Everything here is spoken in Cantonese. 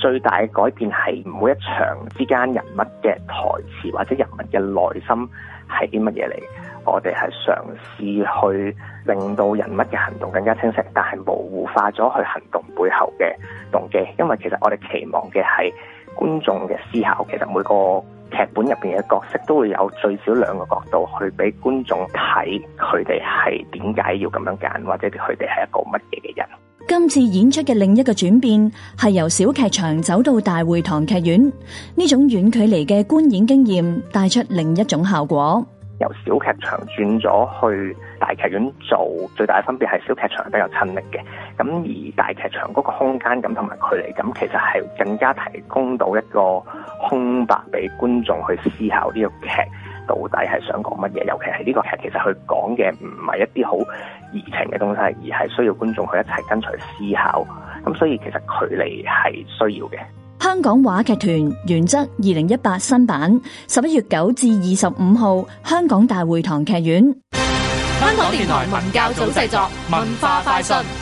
最大嘅改變係每一場之間人物嘅台詞或者人物嘅內心係啲乜嘢嚟？我哋係嘗試去令到人物嘅行動更加清晰，但係模糊化咗佢行動背後嘅動機，因為其實我哋期望嘅係觀眾嘅思考。其實每個劇本入邊嘅角色都會有最少兩個角度去俾觀眾睇佢哋係點解要咁樣揀，或者佢哋係一個乜嘢嘅人。今次演出嘅另一個轉變係由小劇場走到大會堂劇院，呢種遠距離嘅觀演經驗帶出另一種效果。由小劇場轉咗去大劇院做，最大嘅分別係小劇場比較親力嘅，咁而大劇場嗰個空間感同埋距離感其實係更加提供到一個空白俾觀眾去思考呢個劇。到底係想講乜嘢？尤其係呢個劇，其實佢講嘅唔係一啲好熱情嘅東西，而係需要觀眾去一齊跟隨思考。咁所以其實距離係需要嘅。香港話劇團《原則》二零一八新版，十一月九至二十五號，香港大會堂劇院。香港電台文教組製作，文化快訊。